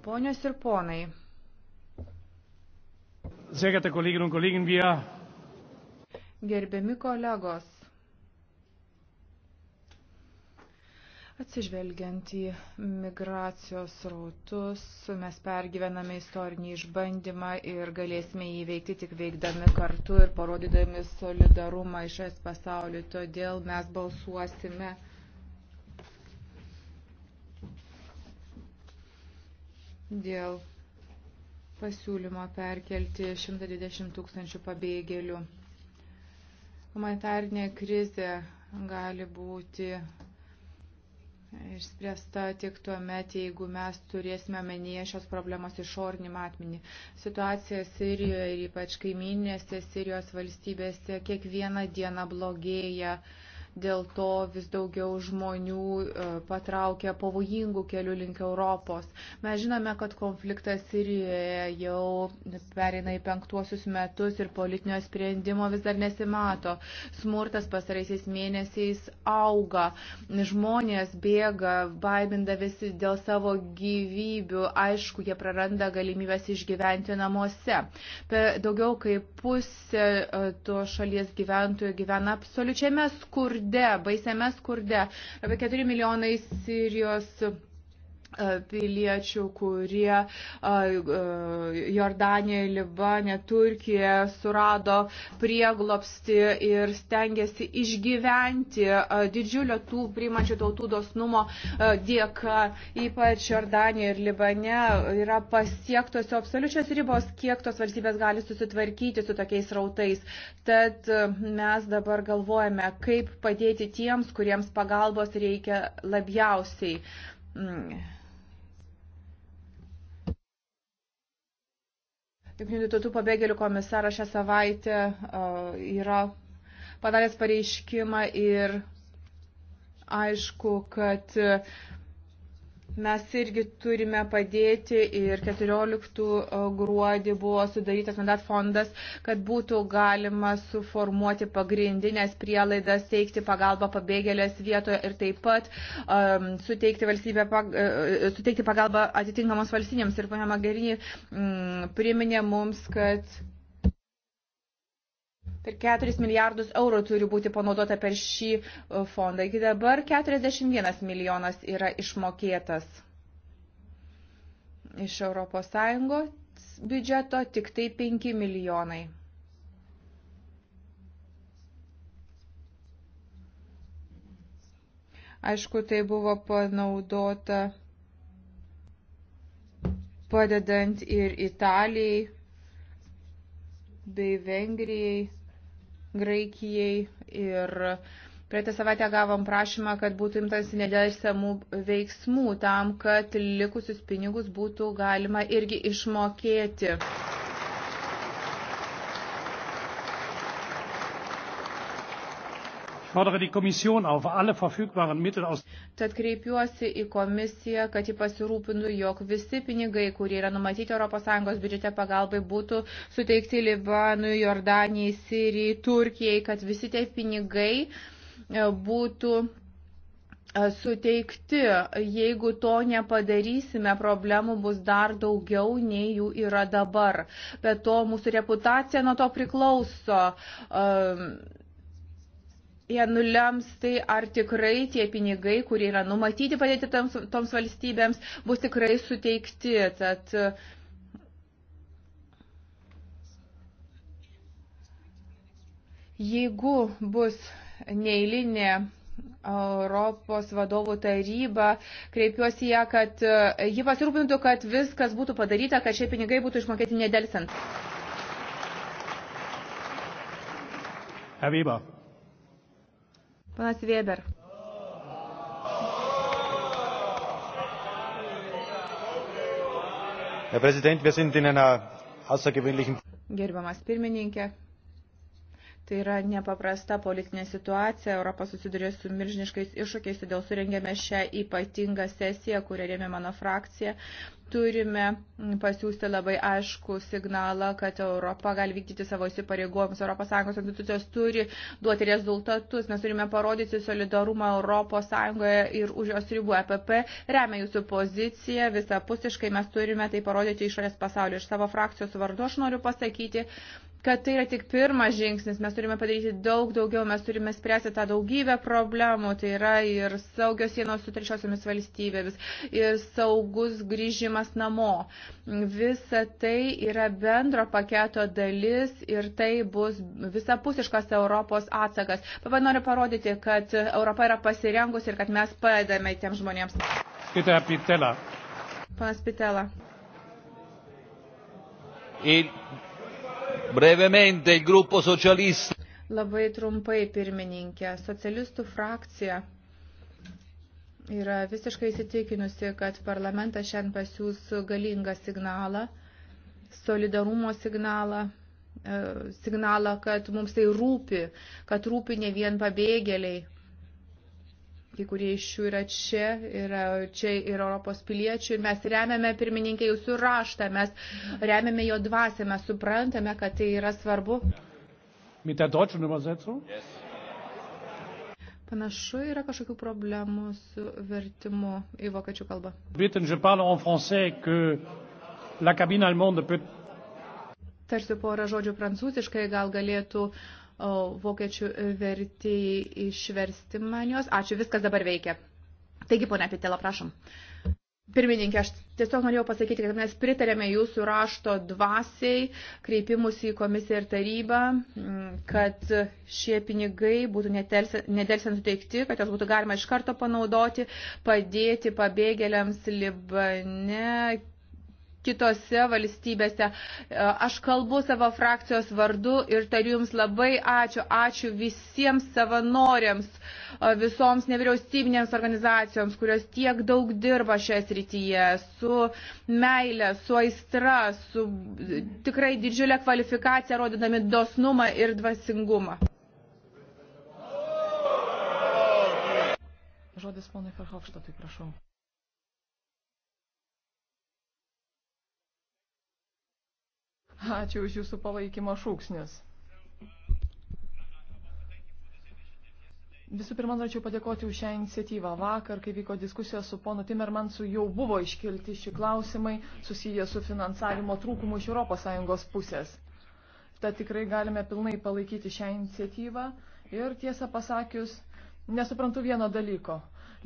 Ponios ir ponai. Gerbiami kolegos, Atsižvelgiant į migracijos rautus, mes pergyvename istorinį išbandymą ir galėsime įveikti tik veikdami kartu ir parodydami solidarumą iš es pasaulio. Todėl mes balsuosime dėl pasiūlymo perkelti 120 tūkstančių pabėgėlių. Humanitarnė krizė gali būti išspręsta tik tuo met, jeigu mes turėsime menyje šios problemos išornį matmenį. Situacija Sirijoje ir ypač kaiminėse Sirijos valstybėse kiekvieną dieną blogėja. Uh, dėl to vis daugiau žmonių e, patraukia pavojingų kelių link Europos. Mes žinome, kad konfliktas Sirijoje jau perina į penktuosius metus ir politinio sprendimo vis dar nesimato. Smurtas pasaraisiais mėnesiais auga, žmonės bėga, baimindavėsi dėl savo gyvybių, aišku, jie praranda galimybės išgyventi namuose. Per daugiau kaip pusė e, to šalies gyventojų gyvena absoliučiame skurde skurde, baisiame skurde. Apie 4 milijonai Sirijos piliečių, kurie Jordanijoje, Libane, Turkijoje surado prieglopsti ir stengiasi išgyventi didžiulio tų priimančių tautų dosnumo dėka, ypač Jordanijoje ir Libane, yra pasiektos absoliučios ribos, kiek tos valstybės gali susitvarkyti su tokiais rautais. Tad mes dabar galvojame, kaip padėti tiems, kuriems pagalbos reikia labiausiai. Mm Junktinių tautų pabėgėlių komisaras šią savaitę yra padaręs pareiškimą ir aišku, kad Mes irgi turime padėti ir 14 gruodį buvo sudarytas mandat fondas, kad būtų galima suformuoti pagrindinės prielaidas, teikti pagalbą pabėgėlės vietoje ir taip pat um, suteikti, valstybę, pag, uh, suteikti pagalbą atitinkamos valstybėms. Ir ponia Magarinė um, mm, priminė mums, kad per 4 milijardus eurų turi būti panaudota per šį e, fondą. Iki dabar 41 milijonas yra išmokėtas iš Europos Sąjungos biudžeto, tik tai 5 milijonai. Aišku, tai buvo panaudota padedant ir Italijai bei Vengrijai. Graikijai ir praeitą savaitę gavom prašymą, kad būtų imtas nedėlsiamų veiksmų tam, kad likusius pinigus būtų galima irgi išmokėti. fordere die Kommission auf, alle verfügbaren Mittel aus. Tad kreipiuosi į komisiją, kad ji pasirūpintų, jog visi pinigai, kurie yra numatyti ES biudžete pagalbai, būtų suteikti Libanui, Jordanijai, Sirijai, Turkijai, kad visi tie pinigai e, būtų e, suteikti. Jeigu to nepadarysime, problemų bus dar daugiau, nei jų yra dabar. Bet to mūsų reputacija nuo to priklauso. Um, jie nulems tai, ar tikrai tie pinigai, kurie yra numatyti padėti toms, toms valstybėms, bus tikrai suteikti. Tad, jeigu bus neįlinė Europos vadovų taryba, kreipiuosi ją, kad e, ji pasirūpintų, kad viskas būtų padaryta, kad šie pinigai būtų išmokėti nedelsant. Herr Weber. Panas Weber. Herr Präsident, wir sind in einer außergewöhnlichen. Gerbiamas pirmininkė, Tai yra nepaprasta politinė situacija. Europa susidurė su milžiniškais iššūkiais, todėl surengėme šią ypatingą sesiją, kurią rėmė mano frakcija. Turime pasiūsti labai aišku signalą, kad Europa gali vykdyti savo įsipareigojimus. ES institucijos turi duoti rezultatus. Mes turime parodyti solidarumą ES ir už jos ribų. EPP remia jūsų poziciją visapusiškai. Mes turime tai parodyti išorės pasaulio. Iš savo frakcijos vardu aš noriu pasakyti, kad tai yra tik pirmas žingsnis, mes turime padaryti daug daugiau, mes turime spręsti tą daugybę problemų, tai yra ir saugios sienos su trečiosiomis valstybėmis, ir saugus grįžimas namo. Visa tai yra bendro paketo dalis ir tai bus visapusiškas Europos atsakas. Papa noriu parodyti, kad Europa yra pasirengusi ir kad mes padedame tiem žmonėms. Kita Pitela. Panas Pitela. Ir brevemente il gruppo socialista. Labai trumpai, pirmininkė, socialistų frakcija yra visiškai įsitikinusi, kad parlamentas šiandien pasiūs galingą signalą, solidarumo signalą, e, signalą, kad mums tai rūpi, kad rūpi ne vien pabėgėliai, Kai kurie iš jų yra čia, yra čia ir Europos piliečių. Ir mes remiame pirmininkę jūsų raštą, mes remiame jo dvasę, mes suprantame, kad tai yra svarbu. Mit der deutschen Übersetzung? Yes. Panašu, yra kažkokių problemų su vertimu į vokiečių kalbą. Bitten, je parle en français, que la cabine allemande peut... Tarsiu porą žodžių prancūziškai, gal galėtų uh, vokiečių vertėjai išversti man jos. Ačiū, viskas dabar veikia. Taigi, ponia Pitela, prašom. Pirmininkė, aš tiesiog norėjau pasakyti, kad mes pritarėme jūsų rašto dvasiai, kreipimus į komisiją ir tarybą, kad šie pinigai būtų nedelsiant suteikti, kad jos būtų galima iš karto panaudoti, padėti pabėgėliams Libane, kitose valstybėse. E, aš kalbu savo frakcijos vardu ir tariu Jums labai ačiū. Ačiū visiems savanoriams, e, visoms nevyriausybinėms organizacijoms, kurios tiek daug dirba šioje srityje su meile, su aistra, su tikrai didžiulė kvalifikacija, rodydami dosnumą ir dvasingumą. Žodis ponui Ferhofštatui, prašau. Ačiū už Jūsų palaikymą šūksnis. Visų pirma, norėčiau padėkoti už šią iniciatyvą. Vakar, kai vyko diskusija su ponu Timermansu, jau buvo iškilti šį klausimai susiję su finansavimo trūkumu iš ES pusės. Tad tikrai galime pilnai palaikyti šią iniciatyvą ir tiesą pasakius, nesuprantu vieno dalyko.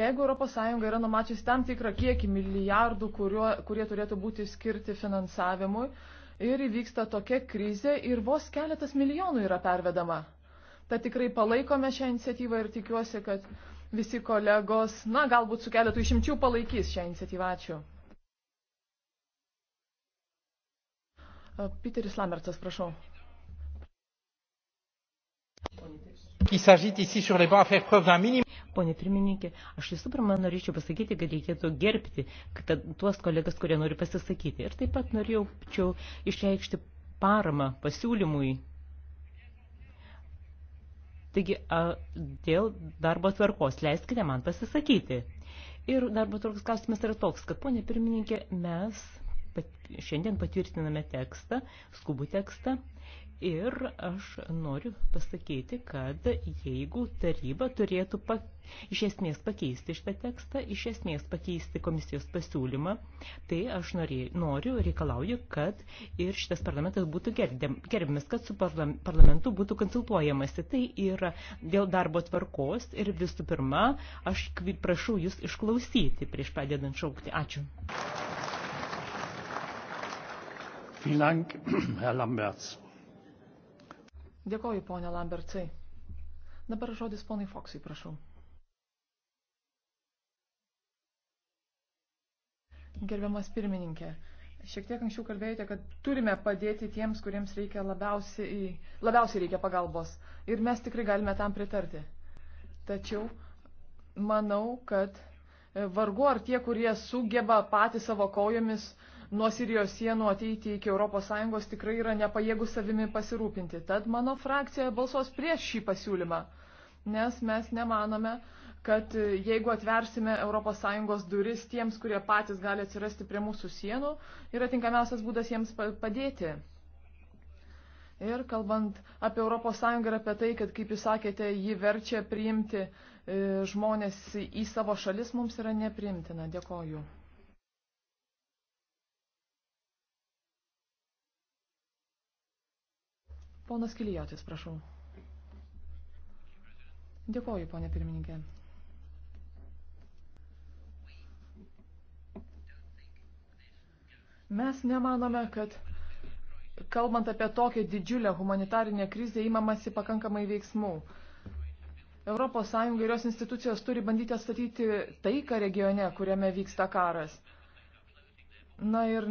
Jeigu ES yra numačiusi tam tikrą kiekį milijardų, kurio, kurie turėtų būti skirti finansavimui, ir įvyksta tokia krizė ir vos keletas milijonų yra pervedama. Tad tikrai palaikome šią iniciatyvą ir tikiuosi, kad visi kolegos, na, galbūt su keletu išimčių palaikys šią iniciatyvą. Ačiū. Piteris Lamertas, prašau. Pone Pone pirmininkė, aš visų pirma norėčiau pasakyti, kad reikėtų gerbti kad tuos kolegas, kurie nori pasisakyti. Ir taip pat norėjau išreikšti paramą pasiūlymui. Taigi, a, dėl darbo tvarkos leiskite man pasisakyti. Ir darbo tvarkos klausimas yra toks, kad, ponė pirmininkė, mes pat, šiandien patvirtiname tekstą, skubų tekstą Ir aš noriu pasakyti, kad jeigu taryba turėtų pa, iš esmės pakeisti šitą tekstą, iš esmės pakeisti komisijos pasiūlymą, tai aš norė, noriu, reikalauju, kad ir šitas parlamentas būtų gerbiamas, kad su parlamentu būtų konsultuojamasi. Tai yra dėl darbo tvarkos ir visų pirma, aš prašau jūs išklausyti prieš padedant šaukti. Ačiū. Vielen Dank, Herr Lamberts. Dėkoju, ponė Lambertsai. Dabar žodis ponai Foksui, prašau. Gerbiamas pirmininkė, šiek tiek anksčiau kalbėjote, kad turime padėti tiems, kuriems reikia labiausiai, labiausiai reikia pagalbos. Ir mes tikrai galime tam pritarti. Tačiau manau, kad vargu ar tie, kurie sugeba patys savo kojomis nuo Sirijos sienų ateiti iki ES tikrai yra nepajėgų savimi pasirūpinti. Tad mano frakcija balsuos prieš šį pasiūlymą, nes mes nemanome, kad e, jeigu atversime ES duris tiems, kurie patys gali atsirasti prie mūsų sienų, yra tinkamiausias būdas jiems padėti. Ir kalbant apie ES ir apie tai, kad, kaip jūs sakėte, ji verčia priimti e, žmonės į savo šalis, mums yra neprimtina. Dėkoju. Ponas Kilijotis, prašau. Dėkoju, ponė pirmininkė. Mes nemanome, kad kalbant apie tokią didžiulę humanitarinę krizę įmamasi pakankamai veiksmų. ES ir jos institucijos turi bandyti atstatyti taiką regione, kuriame vyksta karas. Na ir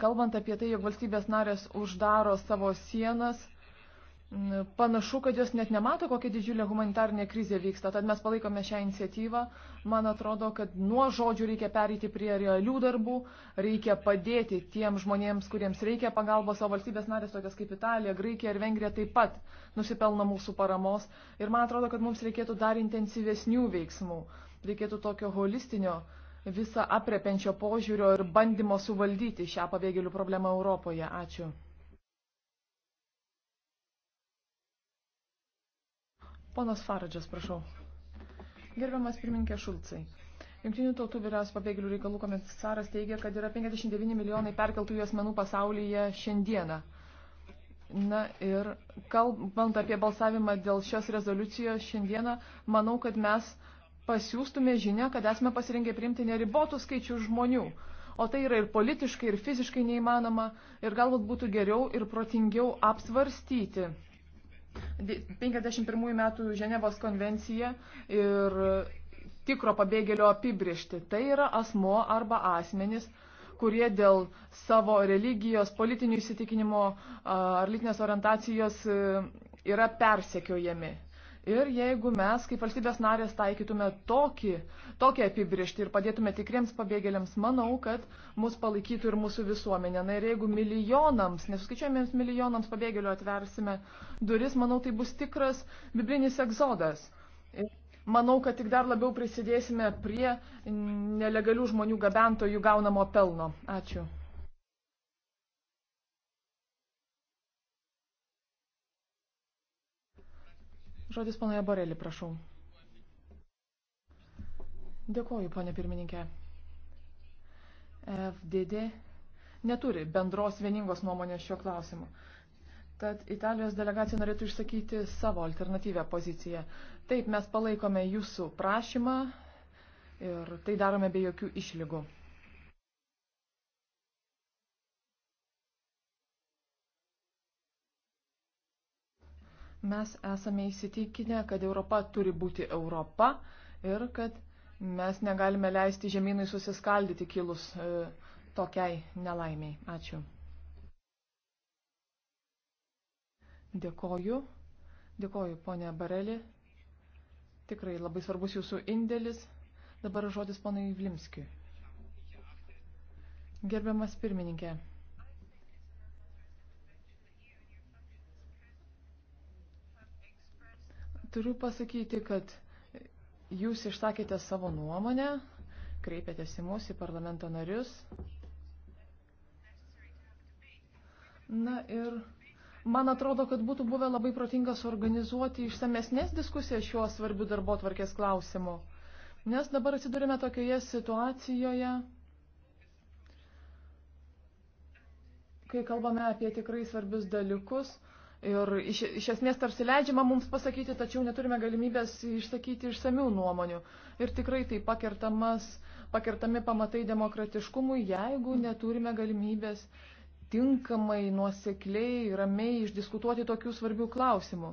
kalbant apie tai, jog valstybės narės uždaro savo sienas, panašu, kad jos net nemato, kokia didžiulė humanitarinė krizė vyksta. Tad mes palaikome šią iniciatyvą. Man atrodo, kad nuo žodžių reikia pereiti prie realių darbų, reikia padėti tiem žmonėms, kuriems reikia pagalbos, o valstybės narės tokias kaip Italija, Graikija ir Vengrija taip pat nusipelna mūsų paramos. Ir man atrodo, kad mums reikėtų dar intensyvesnių veiksmų. Reikėtų tokio holistinio uh, visą aprepenčio požiūrio ir bandymo suvaldyti šią pabėgėlių problemą Europoje. Ačiū. Ponas Faradžas, prašau. Gerbiamas pirmininkė Šulcai. Junktinių tautų vyriausias pabėgėlių reikalų komisaras teigia, kad yra 59 milijonai perkeltųjų asmenų pasaulyje šiandieną. Na ir kalbant apie balsavimą dėl šios rezoliucijos šiandieną, manau, kad mes uh, pasiūstume žinę, kad esame pasirengę priimti neribotų skaičių žmonių. O tai yra ir politiškai, ir fiziškai neįmanoma, ir galbūt būtų geriau ir protingiau apsvarstyti 51 metų Ženevos konvencija ir tikro pabėgėlio apibriešti. Tai yra asmo arba asmenis, kurie dėl savo religijos, politinių įsitikinimo ar lytinės orientacijos e, yra persekiojami. Ir jeigu mes, kaip valstybės narės, taikytume tokį, tokią apibriežtį ir padėtume tikriems pabėgėliams, manau, kad mus palaikytų ir mūsų visuomenė. Na ir jeigu milijonams, nesuskaičiuojamiems milijonams pabėgėlių atversime duris, manau, tai bus tikras biblinis egzodas. Ir manau, kad tik dar labiau prisidėsime prie nelegalių žmonių gabentojų gaunamo pelno. Ačiū. Žodis panoje Borelį, prašau. Dėkoju, ponė pirmininkė. FDD neturi bendros vieningos nuomonės šiuo klausimu. Tad Italijos delegacija norėtų išsakyti savo alternatyvę poziciją. Taip, mes palaikome jūsų prašymą ir tai darome be jokių išlygų. Mes esame įsitikinę, kad Europa turi būti Europa ir kad mes negalime leisti žemynui susiskaldyti kilus e, tokiai nelaimiai. Ačiū. Dėkoju. Dėkoju, ponė Barelį. Tikrai labai svarbus jūsų indėlis. Dabar žodis ponai Vlimskiui. Gerbiamas pirmininkė. Turiu pasakyti, kad jūs išsakėte savo nuomonę, kreipėtės į mūsų, į parlamento narius. Na ir man atrodo, kad būtų buvę labai protinga suorganizuoti išsamesnės diskusijas šiuo svarbiu darbo tvarkės klausimu. Nes dabar atsidurime tokioje situacijoje, kai kalbame apie tikrai svarbius dalykus, Ir iš, iš esmės tarsi leidžiama mums pasakyti, tačiau neturime galimybės išsakyti išsamių nuomonių. Ir tikrai tai pakertamas, pakertami pamatai demokratiškumui, jeigu neturime galimybės tinkamai, nuosekliai, ramiai išdiskutuoti tokių svarbių klausimų.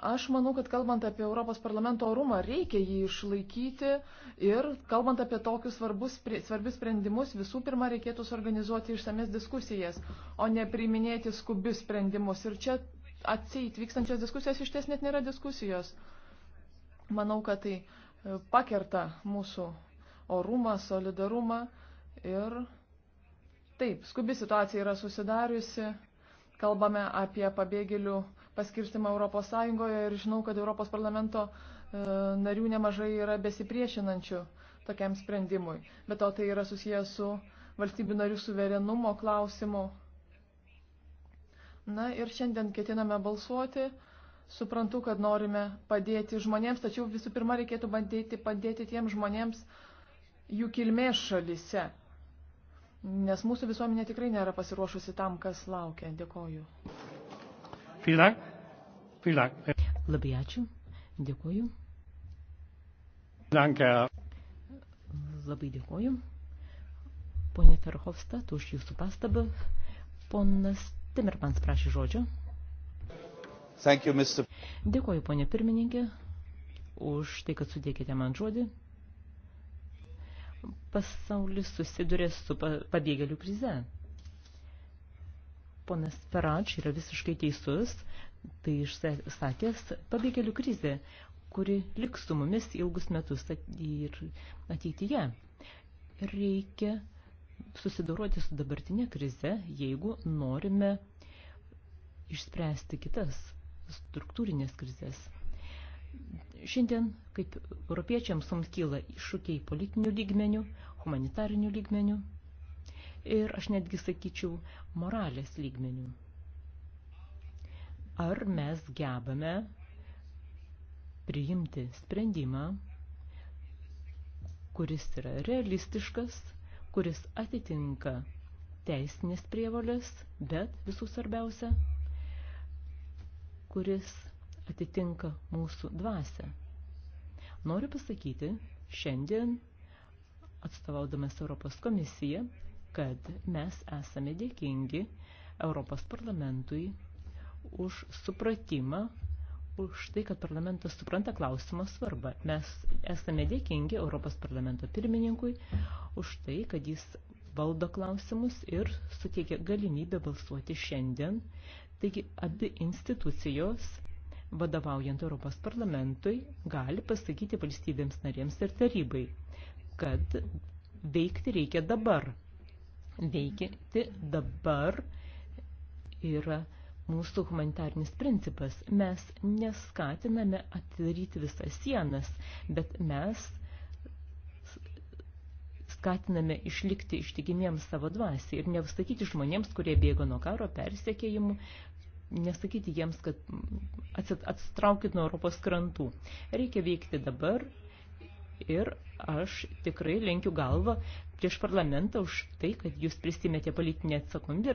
Aš manau, kad kalbant apie Europos parlamento orumą, reikia jį išlaikyti ir kalbant apie tokius svarbus, svarbius sprendimus, visų pirma reikėtų suorganizuoti išsames diskusijas, o ne priiminėti skubius sprendimus. Ir čia atseit vykstančios diskusijos iš ties net nėra diskusijos. Manau, kad tai e, pakerta mūsų orumą, solidarumą ir taip, skubi situacija yra susidariusi, kalbame apie pabėgėlių paskirstimą ES ir žinau, kad Europos parlamento e, narių nemažai yra besipriešinančių tokiam sprendimui. Bet to tai yra susijęs su valstybių narių suverenumo klausimu. Na ir šiandien ketiname balsuoti. Suprantu, kad norime padėti žmonėms, tačiau visų pirma reikėtų bandyti padėti tiems žmonėms jų kilmės šalise. Nes mūsų visuomenė tikrai nėra pasiruošusi tam, kas laukia. Dėkoju. Vielen Dank. Labai ačiū. Dėkuoju. Danke. Labai dėkuoju. Pone Ferhofstat, už jūsų pastabą. Ponas Timirmans prašė žodžio. Thank you, Mr. Dėkuoju, ponė pirmininkė, už tai, kad sudėkite man žodį. Pasaulis susiduria su pabėgėlių krize ponas Ferač yra visiškai teisus, tai išsakęs pabėgėlių krizė, kuri liks su mumis ilgus metus ir ateityje. Reikia susidoroti su dabartinė krize, jeigu norime išspręsti kitas struktūrinės krizės. Šiandien, kaip europiečiams, mums kyla iššūkiai politinių lygmenių, humanitarinių lygmenių, ir aš netgi sakyčiau moralės lygmenių. Ar mes gebame priimti sprendimą, kuris yra realistiškas, kuris atitinka teisinės prievolės, bet visų svarbiausia, kuris atitinka mūsų dvasę. Noriu pasakyti, šiandien, atstovaudamas Europos komisiją, kad mes esame dėkingi Europos parlamentui už supratimą, už tai, kad parlamentas supranta klausimo svarbą. Mes esame dėkingi Europos parlamento pirmininkui už tai, kad jis valdo klausimus ir suteikia galimybę balsuoti šiandien. Taigi abi institucijos, vadovaujant Europos parlamentui, gali pasakyti valstybėms narėms ir tarybai, kad veikti reikia dabar veikianti dabar yra mūsų humanitarnis principas. Mes neskatiname atidaryti visas sienas, bet mes skatiname išlikti ištikimiems savo dvasiai ir nesakyti žmonėms, kurie bėgo nuo karo persiekėjimų, nesakyti jiems, kad atsitraukit nuo Europos krantų. Reikia veikti dabar ir aš tikrai lenkiu galvą prieš parlamentą už tai, kad jūs prisimėte politinę atsakomybę